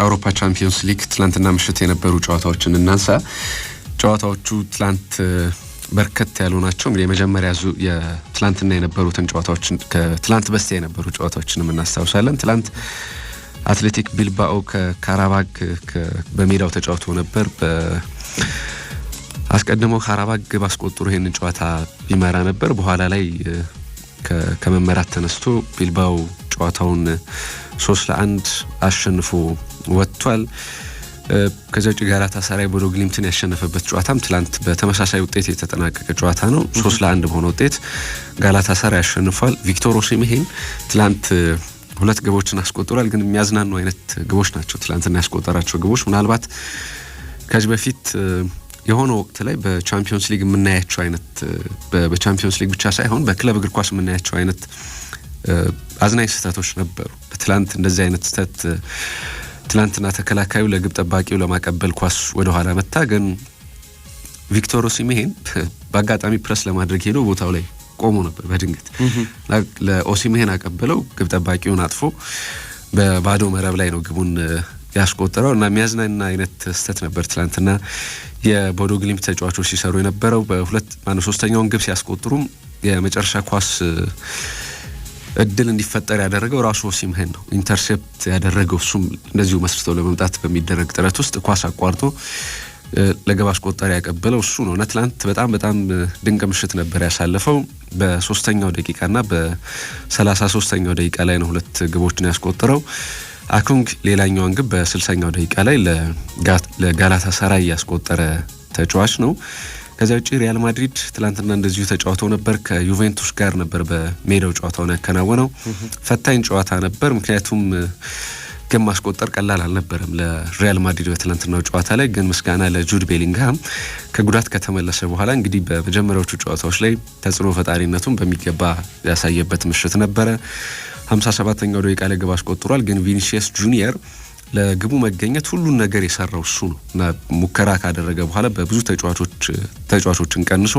የአውሮፓ ቻምፒዮንስ ሊግ ትላንትና ምሽት የነበሩ ጨዋታዎችን እናንሳ። ጨዋታዎቹ ትላንት በርከት ያሉ ናቸው። እንግዲህ የመጀመሪያ ዙ የትላንትና የነበሩትን ጨዋታዎችን ከትላንት በስቲያ የነበሩ ጨዋታዎችንም እናስታውሳለን። ትላንት አትሌቲክ ቢልባኦ ከካራባግ በሜዳው ተጫውቶ ነበር። አስቀድሞ ካራባግ ግብ አስቆጥሮ ይህንን ጨዋታ ይመራ ነበር። በኋላ ላይ ከመመራት ተነስቶ ቢልባኦ ጨዋታውን ሶስት ለአንድ አሸንፎ ወጥቷል። ከዚያ ውጭ ጋላታ ሳራይ ቦዶ ግሊምትን ያሸነፈበት ጨዋታም ትላንት በተመሳሳይ ውጤት የተጠናቀቀ ጨዋታ ነው። ሶስት ለአንድ በሆነ ውጤት ጋላታ ሳራይ ያሸንፏል። ቪክቶር ኦሲሜሄን ትላንት ሁለት ግቦችን አስቆጥሯል። ግን የሚያዝናኑ አይነት ግቦች ናቸው ትላንትና ያስቆጠራቸው ግቦች ምናልባት ከዚህ በፊት የሆነ ወቅት ላይ በቻምፒዮንስ ሊግ የምናያቸው አይነት በቻምፒዮንስ ሊግ ብቻ ሳይሆን በክለብ እግር ኳስ የምናያቸው አይነት አዝናኝ ስህተቶች ነበሩ። በትላንት እንደዚህ አይነት ስህተት ትላንትና ተከላካዩ ለግብ ጠባቂው ለማቀበል ኳስ ወደኋላ መታ። ግን ቪክቶር ኦሲሜሄን በአጋጣሚ ፕረስ ለማድረግ ሄዶ ቦታው ላይ ቆሞ ነበር። በድንገት ለኦሲሜሄን አቀበለው። ግብ ጠባቂውን አጥፎ በባዶ መረብ ላይ ነው ግቡን ያስቆጠረው እና የሚያዝናና አይነት ስህተት ነበር ትላንትና የቦዶ ግሊምት ተጫዋቾች ሲሰሩ የነበረው። በሁለት ማነው ሶስተኛውን ግብ ሲያስቆጥሩም የመጨረሻ ኳስ እድል እንዲፈጠር ያደረገው ራሱ ኦሲምሄን ነው። ኢንተርሴፕት ያደረገው እሱም እንደዚሁ መስርተው ለመምጣት በሚደረግ ጥረት ውስጥ ኳስ አቋርጦ ለግብ አስቆጣሪ ያቀበለው እሱ ነው እና ትናንት በጣም በጣም ድንቅ ምሽት ነበር ያሳለፈው። በሶስተኛው ደቂቃ ደቂቃና በሰላሳ ሶስተኛው ደቂቃ ላይ ነው ሁለት ግቦችን ያስቆጠረው። አኩንግ ሌላኛዋን ግብ በስልሳኛው ደቂቃ ላይ ለጋላታ ሰራይ ያስቆጠረ ተጫዋች ነው። ከዚያ ውጭ ሪያል ማድሪድ ትላንትና እንደዚሁ ተጫውተው ነበር። ከዩቬንቱስ ጋር ነበር በሜዳው ጨዋታውን ያከናወነው። ፈታኝ ጨዋታ ነበር፣ ምክንያቱም ግን ማስቆጠር ቀላል አልነበረም ለሪያል ማድሪድ በትላንትናው ጨዋታ ላይ። ግን ምስጋና ለጁድ ቤሊንግሃም ከጉዳት ከተመለሰ በኋላ እንግዲህ በመጀመሪያዎቹ ጨዋታዎች ላይ ተጽዕኖ ፈጣሪነቱን በሚገባ ያሳየበት ምሽት ነበረ። 57ኛው ደቂቃ ላይ ግብ አስቆጥሯል። ግን ቪኒሲየስ ጁኒየር ለግቡ መገኘት ሁሉን ነገር የሰራው እሱ ነው እና ሙከራ ካደረገ በኋላ በብዙ ተጫዋቾችን ቀንሶ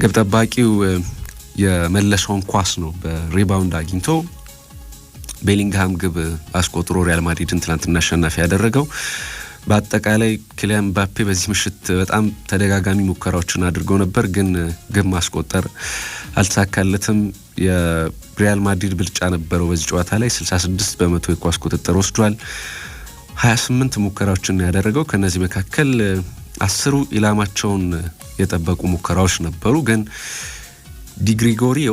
ግብ ጠባቂው የመለሰውን ኳስ ነው በሪባውንድ አግኝቶ ቤሊንግሃም ግብ አስቆጥሮ ሪያል ማድሪድን ትናንትና አሸናፊ ያደረገው። በአጠቃላይ ኪሊያን ባፔ በዚህ ምሽት በጣም ተደጋጋሚ ሙከራዎችን አድርጎ ነበር፣ ግን ግብ ማስቆጠር አልተሳካለትም። የሪያል ማድሪድ ብልጫ ነበረው በዚህ ጨዋታ ላይ 66 በመቶ የኳስ ቁጥጥር ወስዷል። 28 ሙከራዎችን ያደረገው ከእነዚህ መካከል አስሩ ኢላማቸውን የጠበቁ ሙከራዎች ነበሩ። ግን ዲግሪጎሪዮ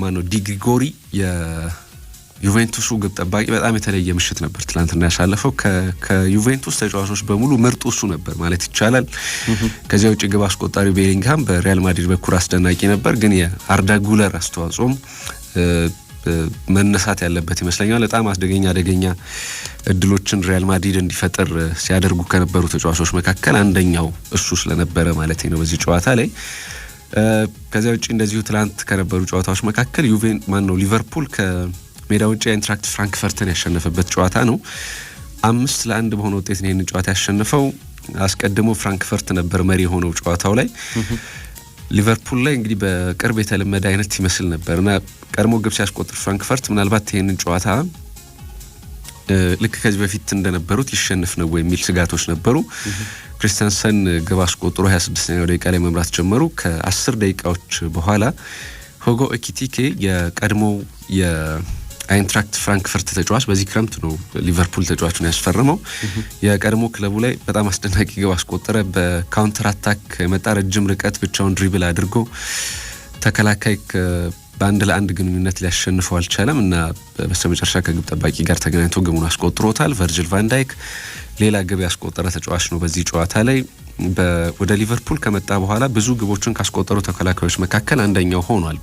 ማነው ዲግሪጎሪ ዩቬንቱሱ ግብ ጠባቂ በጣም የተለየ ምሽት ነበር ትላንትና ያሳለፈው። ከዩቬንቱስ ተጫዋቾች በሙሉ ምርጡ እሱ ነበር ማለት ይቻላል። ከዚያ ውጭ ግብ አስቆጣሪው ቤሊንግሃም በሪያል ማድሪድ በኩል አስደናቂ ነበር፣ ግን የአርዳ ጉለር አስተዋጽኦም መነሳት ያለበት ይመስለኛል። በጣም አስደገኛ አደገኛ እድሎችን ሪያል ማድሪድ እንዲፈጠር ሲያደርጉ ከነበሩ ተጫዋቾች መካከል አንደኛው እሱ ስለነበረ ማለት ነው በዚህ ጨዋታ ላይ ከዚያ ውጭ እንደዚሁ ትላንት ከነበሩ ጨዋታዎች መካከል ዩቬን ማን ነው ሊቨርፑል ሜዳ ውጭ አይንትራክት ፍራንክፈርትን ያሸነፈበት ጨዋታ ነው። አምስት ለአንድ በሆነ ውጤት ነው ይህን ጨዋታ ያሸነፈው። አስቀድሞ ፍራንክፈርት ነበር መሪ የሆነው ጨዋታው ላይ። ሊቨርፑል ላይ እንግዲህ በቅርብ የተለመደ አይነት ይመስል ነበር እና ቀድሞ ግብ ሲያስቆጥር ፍራንክፈርት ምናልባት ይህንን ጨዋታ ልክ ከዚህ በፊት እንደነበሩት ይሸንፍ ነው የሚል ስጋቶች ነበሩ። ክሪስተንሰን ግብ አስቆጥሮ 26ኛው ደቂቃ ላይ መምራት ጀመሩ። ከ10 ደቂቃዎች በኋላ ሆጎ ኤኪቲኬ የቀድሞው አይንትራክት ፍራንክፈርት ተጫዋች በዚህ ክረምት ነው ሊቨርፑል ተጫዋቹን ያስፈረመው። የቀድሞ ክለቡ ላይ በጣም አስደናቂ ግብ አስቆጠረ። በካውንተር አታክ የመጣ ረጅም ርቀት ብቻውን ድሪብል አድርጎ ተከላካይ በአንድ ለአንድ ግንኙነት ሊያሸንፈው አልቻለም እና በስተመጨረሻ ከግብ ጠባቂ ጋር ተገናኝቶ ግቡን አስቆጥሮታል። ቨርጅል ቫንዳይክ ሌላ ግብ ያስቆጠረ ተጫዋች ነው። በዚህ ጨዋታ ላይ ወደ ሊቨርፑል ከመጣ በኋላ ብዙ ግቦችን ካስቆጠሩ ተከላካዮች መካከል አንደኛው ሆኗል።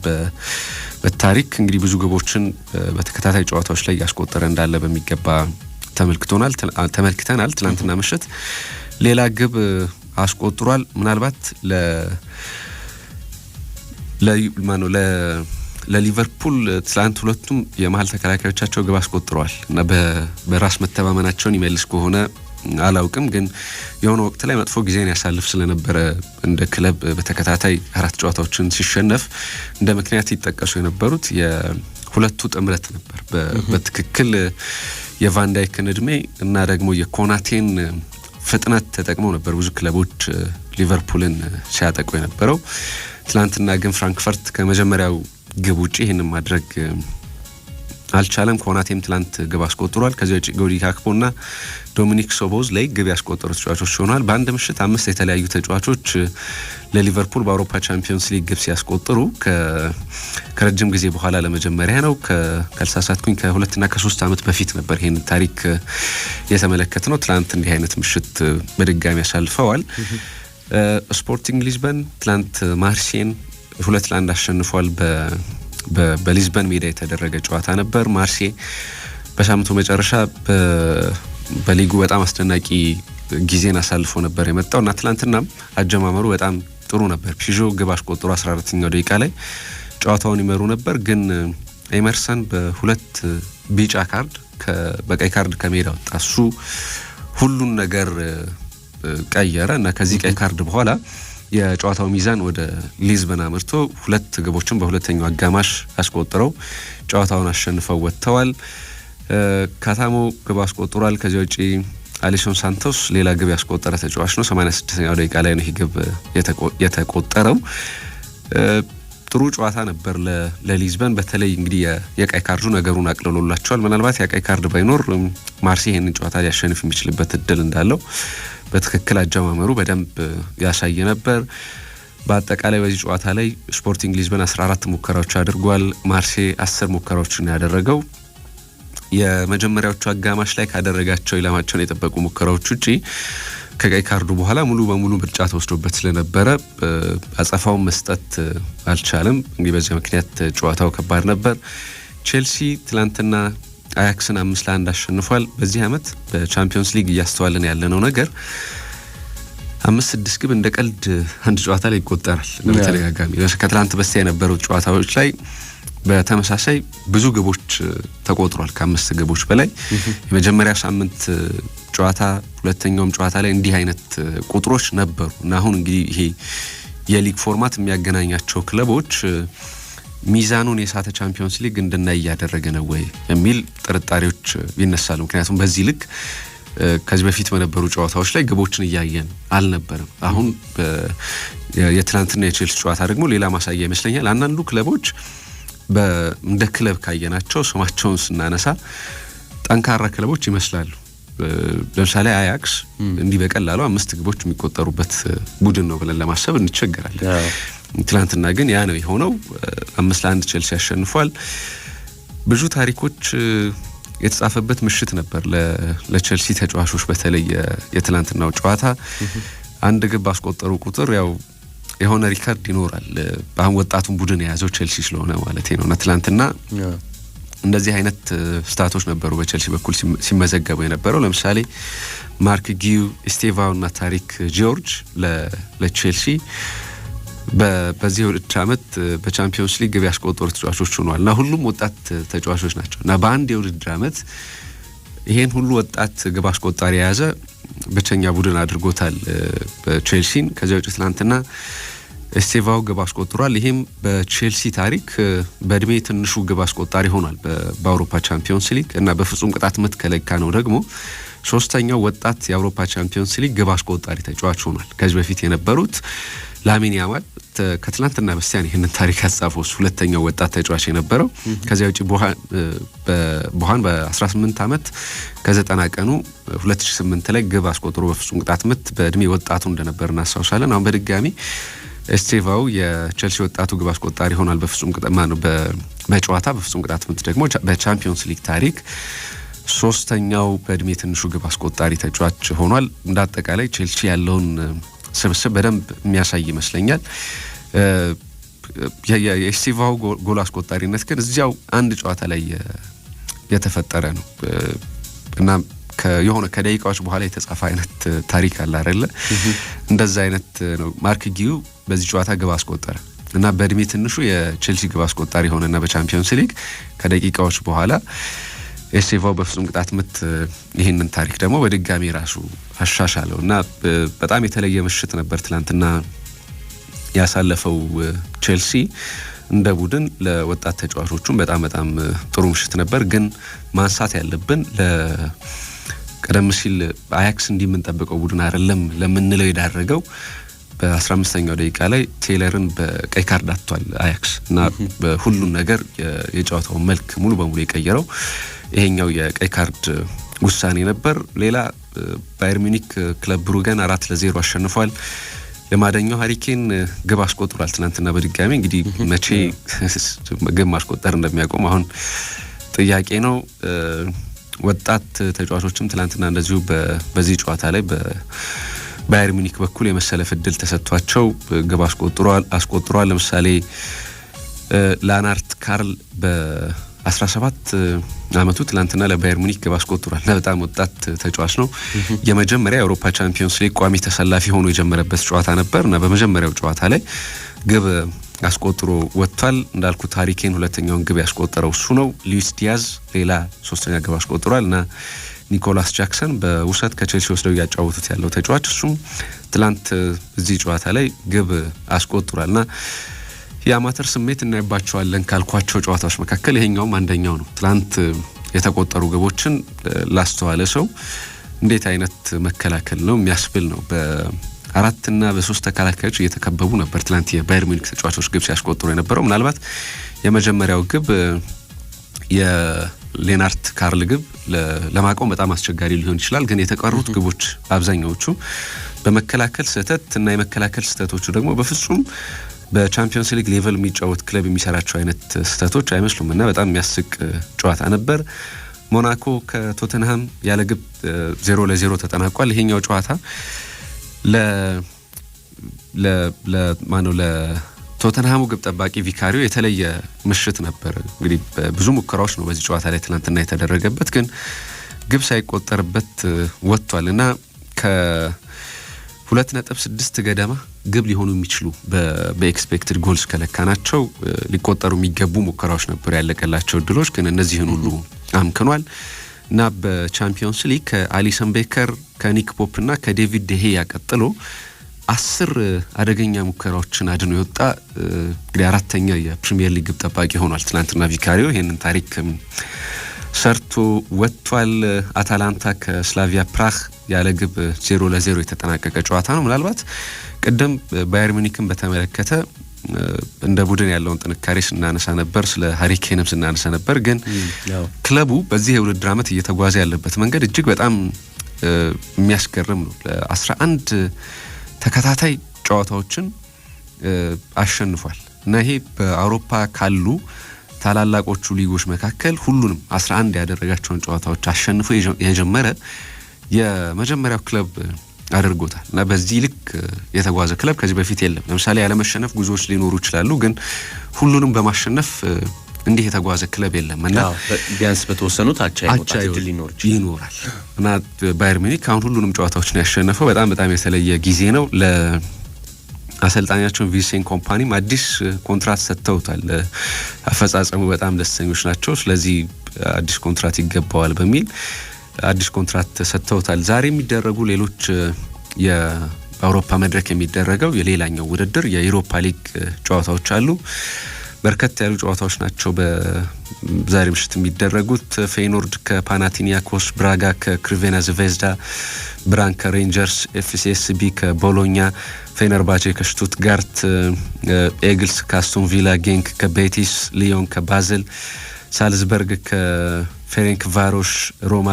በታሪክ እንግዲህ ብዙ ግቦችን በተከታታይ ጨዋታዎች ላይ ያስቆጠረ እንዳለ በሚገባ ተመልክቶናል ተመልክተናል። ትናንትና ምሽት ሌላ ግብ አስቆጥሯል። ምናልባት ለ ለማነው ለ ለሊቨርፑል ትላንት ሁለቱም የመሀል ተከላካዮቻቸው ግብ አስቆጥረዋል እና በራስ መተማመናቸውን ይመልስ ከሆነ አላውቅም፣ ግን የሆነ ወቅት ላይ መጥፎ ጊዜን ያሳልፍ ስለነበረ እንደ ክለብ በተከታታይ አራት ጨዋታዎችን ሲሸነፍ እንደ ምክንያት ይጠቀሱ የነበሩት የሁለቱ ጥምረት ነበር። በትክክል የቫንዳይክን እድሜ እና ደግሞ የኮናቴን ፍጥነት ተጠቅመው ነበር ብዙ ክለቦች ሊቨርፑልን ሲያጠቁ የነበረው። ትናንትና ግን ፍራንክፈርት ከመጀመሪያው ግብ ውጭ ይህንን ማድረግ አልቻለም። ኮናቴም ትላንት ግብ አስቆጥሯል። ከዚያ ውጭ ጎዲ ካክፖ ና ዶሚኒክ ሶቦዝ ላይ ግብ ያስቆጠሩ ተጫዋቾች ሆኗል። በአንድ ምሽት አምስት የተለያዩ ተጫዋቾች ለሊቨርፑል በአውሮፓ ቻምፒዮንስ ሊግ ግብ ሲያስቆጥሩ ከረጅም ጊዜ በኋላ ለመጀመሪያ ነው። ካልሳሳትኩኝ ከሁለትና ከሶስት ዓመት በፊት ነበር ይህን ታሪክ የተመለከት ነው። ትላንት እንዲህ አይነት ምሽት በድጋሚ ያሳልፈዋል። ስፖርቲንግ ሊዝበን ትላንት ማርሴን ሁለት ለአንድ አሸንፏል። በሊዝበን ሜዳ የተደረገ ጨዋታ ነበር። ማርሴ በሳምንቱ መጨረሻ በሊጉ በጣም አስደናቂ ጊዜን አሳልፎ ነበር የመጣው እና ትላንትናም አጀማመሩ በጣም ጥሩ ነበር። ፒዦ ግብ አስቆጥሮ 14ኛው ደቂቃ ላይ ጨዋታውን ይመሩ ነበር፣ ግን ኤመርሰን በሁለት ቢጫ ካርድ በቀይ ካርድ ከሜዳ ወጣ። እሱ ሁሉን ነገር ቀየረ እና ከዚህ ቀይ ካርድ በኋላ የጨዋታው ሚዛን ወደ ሊዝበን አምርቶ ሁለት ግቦችን በሁለተኛው አጋማሽ አስቆጥረው ጨዋታውን አሸንፈው ወጥተዋል። ካታሞ ግብ አስቆጥሯል። ከዚያ ውጪ አሊሶን ሳንቶስ ሌላ ግብ ያስቆጠረ ተጫዋች ነው። 86ኛው ደቂቃ ላይ ነው ይህ ግብ የተቆጠረው። ጥሩ ጨዋታ ነበር ለሊዝበን። በተለይ እንግዲህ የቀይ ካርዱ ነገሩን አቅልሎላቸዋል። ምናልባት የቀይ ካርድ ባይኖር ማርሴ ይህንን ጨዋታ ሊያሸንፍ የሚችልበት እድል እንዳለው በትክክል አጀማመሩ በደንብ ያሳየ ነበር። በአጠቃላይ በዚህ ጨዋታ ላይ ስፖርቲንግ ሊዝበን 14 ሙከራዎች አድርጓል። ማርሴ 10 ሙከራዎችን ያደረገው የመጀመሪያዎቹ አጋማሽ ላይ ካደረጋቸው ኢላማቸውን የጠበቁ ሙከራዎች ውጪ ከቀይ ካርዱ በኋላ ሙሉ በሙሉ ምርጫ ተወስዶበት ስለነበረ አጸፋውን መስጠት አልቻለም። እንግዲህ በዚያ ምክንያት ጨዋታው ከባድ ነበር። ቼልሲ ትላንትና አያክስን አምስት ለአንድ አሸንፏል። በዚህ ዓመት በቻምፒዮንስ ሊግ እያስተዋልን ያለነው ነገር አምስት ስድስት ግብ እንደ ቀልድ አንድ ጨዋታ ላይ ይቆጠራል በተደጋጋሚ ከትላንት በስቲያ የነበሩት ጨዋታዎች ላይ በተመሳሳይ ብዙ ግቦች ተቆጥሯል። ከአምስት ግቦች በላይ የመጀመሪያ ሳምንት ጨዋታ፣ ሁለተኛውም ጨዋታ ላይ እንዲህ አይነት ቁጥሮች ነበሩ እና አሁን እንግዲህ ይሄ የሊግ ፎርማት የሚያገናኛቸው ክለቦች ሚዛኑን የሳተ ቻምፒዮንስ ሊግ እንድናይ እያደረገ ነው ወይ የሚል ጥርጣሬዎች ይነሳሉ። ምክንያቱም በዚህ ልክ ከዚህ በፊት በነበሩ ጨዋታዎች ላይ ግቦችን እያየን አልነበረም። አሁን የትናንትና የቼልሲ ጨዋታ ደግሞ ሌላ ማሳያ ይመስለኛል። አንዳንዱ ክለቦች እንደ ክለብ ካየናቸው ስማቸውን ስናነሳ ጠንካራ ክለቦች ይመስላሉ። ለምሳሌ አያክስ እንዲህ በቀላሉ አምስት ግቦች የሚቆጠሩበት ቡድን ነው ብለን ለማሰብ እንቸገራለን። ትናንትና ግን ያ ነው የሆነው። አምስት ለአንድ ቼልሲ ያሸንፏል። ብዙ ታሪኮች የተጻፈበት ምሽት ነበር ለቼልሲ ተጫዋቾች፣ በተለይ የትላንትናው ጨዋታ አንድ ግብ ባስቆጠሩ ቁጥር ያው የሆነ ሪከርድ ይኖራል። በአሁን ወጣቱን ቡድን የያዘው ቼልሲ ስለሆነ ማለት ነው። እና ትላንትና እንደዚህ አይነት ስታቶች ነበሩ በቼልሲ በኩል ሲመዘገቡ የነበረው። ለምሳሌ ማርክ ጊው ኢስቴቫው እና ታሪክ ጂዮርጅ ለቼልሲ በዚህ ሁለት ዓመት በቻምፒዮንስ ሊግ ግብ ያስቆጠሩ ተጫዋቾች ሆኗል እና ሁሉም ወጣት ተጫዋቾች ናቸው እና በአንድ የውድድር ዓመት ይሄን ሁሉ ወጣት ግብ አስቆጣሪ የያዘ ብቸኛ ቡድን አድርጎታል በቼልሲን። ከዚያ ውጭ ትናንትና ኤስቴቫው ግብ አስቆጥሯል። ይህም በቼልሲ ታሪክ በእድሜ ትንሹ ግብ አስቆጣሪ ሆኗል በአውሮፓ ቻምፒዮንስ ሊግ እና በፍጹም ቅጣት ምት ከለካ ነው ደግሞ ሶስተኛው ወጣት የአውሮፓ ቻምፒዮንስ ሊግ ግብ አስቆጣሪ ተጫዋች ሆኗል። ከዚህ በፊት የነበሩት ላሚን ያማል ከትላንትና በስቲያን ይህንን ታሪክ ያጻፈው ሁለተኛው ወጣት ተጫዋች የነበረው። ከዚያ ውጭ ቡሃን በ18 ዓመት ከዘጠና ቀኑ 2008 ላይ ግብ አስቆጥሮ በፍጹም ቅጣት ምት በእድሜ ወጣቱ እንደነበር እናስታውሳለን። አሁን በድጋሚ ኤስቴቫው የቸልሲ ወጣቱ ግብ አስቆጣሪ ይሆናል በፍጹም ቅጣት ነው በጨዋታ በፍጹም ቅጣት ምት ደግሞ በቻምፒዮንስ ሊግ ታሪክ ሶስተኛው በእድሜ ትንሹ ግብ አስቆጣሪ ተጫዋች ሆኗል። እንደ አጠቃላይ ቼልሲ ያለውን ስብስብ በደንብ የሚያሳይ ይመስለኛል። የስቲቫው ጎል አስቆጣሪነት ግን እዚያው አንድ ጨዋታ ላይ የተፈጠረ ነው እና የሆነ ከደቂቃዎች በኋላ የተጻፈ አይነት ታሪክ አለ አይደለ? እንደዛ አይነት ነው። ማርክ ጊዩ በዚህ ጨዋታ ግብ አስቆጠረ እና በእድሜ ትንሹ የቼልሲ ግብ አስቆጣሪ የሆነና በቻምፒዮንስ ሊግ ከደቂቃዎች በኋላ ኤሴቫው በፍጹም ቅጣት ምት ይህንን ታሪክ ደግሞ በድጋሚ ራሱ አሻሻለው እና በጣም የተለየ ምሽት ነበር ትላንትና ያሳለፈው ቼልሲ እንደ ቡድን ለወጣት ተጫዋቾቹም በጣም በጣም ጥሩ ምሽት ነበር። ግን ማንሳት ያለብን ቀደም ሲል አያክስ እንዲህ የምንጠብቀው ቡድን አይደለም ለምንለው የዳረገው በ15ኛው ደቂቃ ላይ ቴይለርን በቀይ ካርድ አጥቷል አያክስ እና ሁሉን ነገር የጨዋታውን መልክ ሙሉ በሙሉ የቀየረው ይሄኛው የቀይ ካርድ ውሳኔ ነበር። ሌላ ባየር ሚኒክ ክለብ ብሩገን አራት ለዜሮ አሸንፏል። የማደኛው ሀሪኬን ግብ አስቆጥሯል። ትናንትና በድጋሚ እንግዲህ መቼ ግብ ማስቆጠር እንደሚያቆም አሁን ጥያቄ ነው። ወጣት ተጫዋቾችም ትናንትና እንደዚሁ በዚህ ጨዋታ ላይ ባየር ሚኒክ በኩል የመሰለፍ እድል ተሰጥቷቸው ግብ አስቆጥሯል። ለምሳሌ ላናርት ካርል በ17 አመቱ ትላንትና ለባየር ሙኒክ ግብ አስቆጥሯል እና በጣም ወጣት ተጫዋች ነው። የመጀመሪያ የአውሮፓ ቻምፒዮንስ ሊግ ቋሚ ተሰላፊ ሆኖ የጀመረበት ጨዋታ ነበር እና በመጀመሪያው ጨዋታ ላይ ግብ አስቆጥሮ ወጥቷል። እንዳልኩት ታሪኬን ሁለተኛውን ግብ ያስቆጠረው እሱ ነው። ሉዊስ ዲያዝ ሌላ ሶስተኛ ግብ አስቆጥሯል እና ኒኮላስ ጃክሰን በውሰት ከቼልሲ ወስደው እያጫወቱት ያለው ተጫዋች እሱም ትላንት እዚህ ጨዋታ ላይ ግብ አስቆጥሯል ና የአማተር ስሜት እናይባቸዋለን ካልኳቸው ጨዋታዎች መካከል ይሄኛውም አንደኛው ነው። ትላንት የተቆጠሩ ግቦችን ላስተዋለ ሰው እንዴት አይነት መከላከል ነው የሚያስብል ነው። በአራትና በሶስት ተከላካዮች እየተከበቡ ነበር ትላንት የባየር ሚኒክ ተጫዋቾች ግብ ሲያስቆጥሩ የነበረው ምናልባት የመጀመሪያው ግብ ሌናርት ካርል ግብ ለማቆም በጣም አስቸጋሪ ሊሆን ይችላል። ግን የተቀሩት ግቦች አብዛኛዎቹ በመከላከል ስህተት እና የመከላከል ስህተቶቹ ደግሞ በፍጹም በቻምፒዮንስ ሊግ ሌቨል የሚጫወት ክለብ የሚሰራቸው አይነት ስህተቶች አይመስሉም እና በጣም የሚያስቅ ጨዋታ ነበር። ሞናኮ ከቶተንሃም ያለ ግብ ዜሮ ለዜሮ ተጠናቋል። ይሄኛው ጨዋታ ለማነው ለ ቶተንሃሙ ግብ ጠባቂ ቪካሪዮ የተለየ ምሽት ነበር። እንግዲህ ብዙ ሙከራዎች ነው በዚህ ጨዋታ ላይ ትናንትና የተደረገበት፣ ግን ግብ ሳይቆጠርበት ወጥቷል እና ከሁለት ነጥብ ስድስት ገደማ ግብ ሊሆኑ የሚችሉ በኤክስፔክትድ ጎልስ ከለካ ናቸው ሊቆጠሩ የሚገቡ ሙከራዎች ነበሩ ያለቀላቸው እድሎች፣ ግን እነዚህን ሁሉ አምክኗል እና በቻምፒዮንስ ሊግ ከአሊሰን ቤከር ከኒክ ፖፕ እና ከዴቪድ ዴሄያ ቀጥሎ አስር አደገኛ ሙከራዎችን አድኖ የወጣ እንግዲህ አራተኛ የፕሪሚየር ሊግ ግብ ጠባቂ ሆኗል። ትናንትና ቪካሪዮ ይህንን ታሪክ ሰርቶ ወጥቷል። አታላንታ ከስላቪያ ፕራህ ያለ ግብ ዜሮ ለዜሮ የተጠናቀቀ ጨዋታ ነው። ምናልባት ቅድም ባየር ሚኒክን በተመለከተ እንደ ቡድን ያለውን ጥንካሬ ስናነሳ ነበር፣ ስለ ሀሪኬንም ስናነሳ ነበር። ግን ክለቡ በዚህ የውድድር ዓመት እየተጓዘ ያለበት መንገድ እጅግ በጣም የሚያስገርም ነው። ለአስራ አንድ ተከታታይ ጨዋታዎችን አሸንፏል እና ይሄ በአውሮፓ ካሉ ታላላቆቹ ሊጎች መካከል ሁሉንም 11 ያደረጋቸውን ጨዋታዎች አሸንፎ የጀመረ የመጀመሪያው ክለብ አድርጎታል እና በዚህ ልክ የተጓዘ ክለብ ከዚህ በፊት የለም። ለምሳሌ ያለመሸነፍ ጉዞዎች ሊኖሩ ይችላሉ፣ ግን ሁሉንም በማሸነፍ እንዲህ የተጓዘ ክለብ የለም እና ቢያንስ በተወሰኑ ታቻ ይኖራል እና ባየር ሚኒክ አሁን ሁሉንም ጨዋታዎች ነው ያሸነፈው። በጣም በጣም የተለየ ጊዜ ነው። ለአሰልጣኛቸውን ቪሴን ኮምፓኒም አዲስ ኮንትራት ሰጥተውታል። አፈጻጸሙ በጣም ደስተኞች ናቸው። ስለዚህ አዲስ ኮንትራት ይገባዋል በሚል አዲስ ኮንትራት ሰጥተውታል። ዛሬ የሚደረጉ ሌሎች በአውሮፓ መድረክ የሚደረገው የሌላኛው ውድድር የኢሮፓ ሊግ ጨዋታዎች አሉ። በርከት ያሉ ጨዋታዎች ናቸው በዛሬ ምሽት የሚደረጉት። ፌኖርድ ከፓናቲኒያኮስ፣ ብራጋ ከክሪቬና ዝቬዝዳ፣ ብራን ከሬንጀርስ፣ ኤፍሲኤስቢ ከቦሎኛ፣ ፌነርባቼ ከሽቱትጋርት፣ ኤግልስ ከአስቶን ቪላ፣ ጌንክ ከቤቲስ፣ ሊዮን ከባዝል፣ ሳልዝበርግ ከፌሬንክ ቫሮሽ፣ ሮማ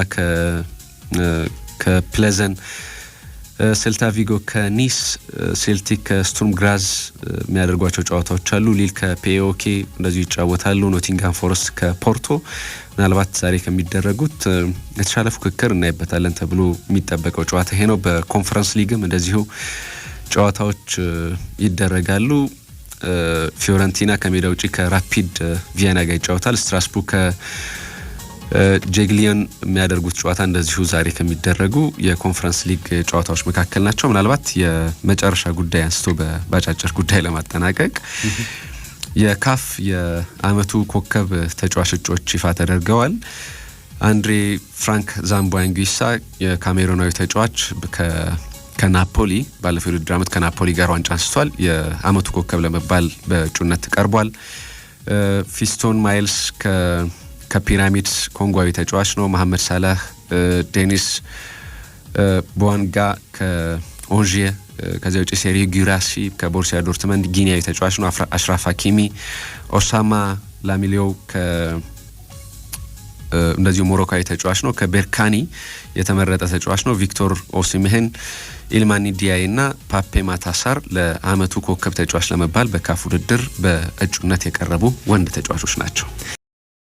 ከፕሌዘን ሴልታ ቪጎ ከኒስ፣ ሴልቲክ ከስቱርም ግራዝ የሚያደርጓቸው ጨዋታዎች አሉ። ሊል ከፒኦኬ እንደዚሁ ይጫወታሉ። ኖቲንግሃም ፎረስት ከፖርቶ ምናልባት ዛሬ ከሚደረጉት የተሻለ ፉክክር እናይበታለን ተብሎ የሚጠበቀው ጨዋታ ይሄ ነው። በኮንፈረንስ ሊግም እንደዚሁ ጨዋታዎች ይደረጋሉ። ፊዮረንቲና ከሜዳ ውጪ ከራፒድ ቪያና ጋር ይጫወታል። ስትራስቡርግ ጄግሊዮን የሚያደርጉት ጨዋታ እንደዚሁ ዛሬ ከሚደረጉ የኮንፈረንስ ሊግ ጨዋታዎች መካከል ናቸው። ምናልባት የመጨረሻ ጉዳይ አንስቶ በአጫጭር ጉዳይ ለማጠናቀቅ የካፍ የአመቱ ኮከብ ተጫዋች እጩዎች ይፋ ተደርገዋል። አንድሬ ፍራንክ ዛምቧንጊሳ የካሜሮናዊ ተጫዋች ከናፖሊ ባለፈው የውድድር አመት ከናፖሊ ጋር ዋንጫ አንስቷል። የአመቱ ኮከብ ለመባል በእጩነት ቀርቧል። ፊስቶን ማይልስ ከፒራሚድ ኮንጓዊ ተጫዋች ነው። መሐመድ ሳላህ፣ ዴኒስ ቦዋንጋ ከኦንዤ ከዚያ ውጭ ሴሪ ጊራሲ ከቦርሲያ ዶርትመንድ ጊኒያዊ ተጫዋች ነው። አሽራፍ ሀኪሚ፣ ኦሳማ ላሚሊዮው እንደዚሁ ሞሮካዊ ተጫዋች ነው። ከቤርካኒ የተመረጠ ተጫዋች ነው። ቪክቶር ኦሲምህን፣ ኢልማኒ ዲያይ እና ፓፔ ማታሳር ለአመቱ ኮከብ ተጫዋች ለመባል በካፍ ውድድር በእጩነት የቀረቡ ወንድ ተጫዋቾች ናቸው።